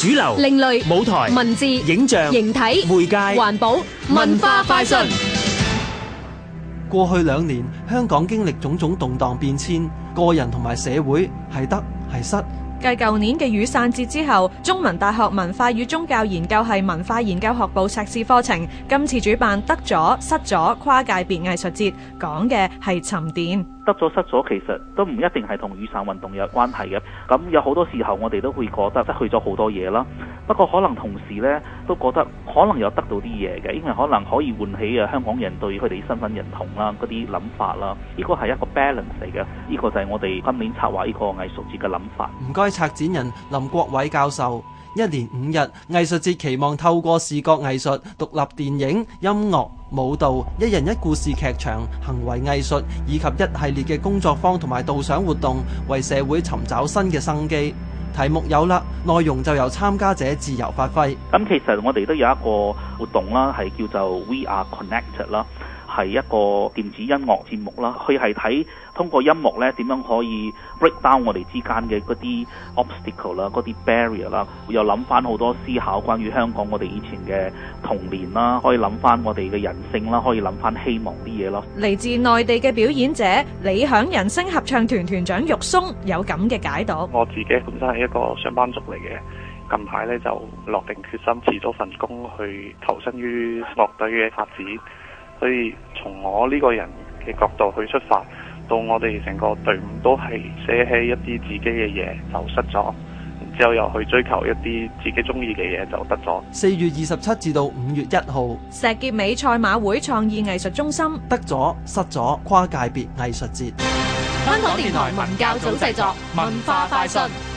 主流、另類舞台、文字、影像、形體、媒介、環保、文化、快訊。過去兩年，香港經歷種種動盪變遷，個人同埋社會係得係失。繼舊年嘅雨傘節之後，中文大學文化與宗教研究系文化研究學部碩士課程，今次主辦得咗失咗跨界別藝術節，講嘅係沉澱。得咗失咗，其實都唔一定係同雨傘運動有關係嘅。咁有好多時候，我哋都會覺得失去咗好多嘢啦。不過可能同時咧，都覺得可能有得到啲嘢嘅，因為可能可以喚起啊香港人對佢哋身份認同啦、嗰啲諗法啦。呢個係一個 balance 嚟嘅，呢個就係我哋今年策劃呢個藝術節嘅諗法。唔該，策展人林國偉教授。一連五日藝術節，期望透過視覺藝術、獨立電影、音樂、舞蹈、一人一故事劇場、行為藝術以及一系列嘅工作坊同埋導賞活動，為社會尋找新嘅生機。題目有啦，內容就由參加者自由發揮。咁其實我哋都有一個活動啦，係叫做 We Are Connected 啦。係一個電子音樂節目啦，佢係睇通過音樂呢點樣可以 break down 我哋之間嘅嗰啲 obstacle 啦、嗰啲 barrier 啦，又諗翻好多思考關於香港我哋以前嘅童年啦，可以諗翻我哋嘅人性啦，可以諗翻希望啲嘢咯。嚟自內地嘅表演者理想人聲合唱團團長玉松有咁嘅解讀。我自己本身係一個上班族嚟嘅，近排呢就落定決心辭咗份工，去投身於樂隊嘅發展。所以，從我呢個人嘅角度去出發，到我哋成個隊伍都係捨棄一啲自己嘅嘢，就失咗，之後又去追求一啲自己鍾意嘅嘢就得咗。四月二十七至到五月一號，石硤尾賽馬會創意藝術中心，得咗失咗，跨界別藝術節。香港電台文教組製作文化快訊。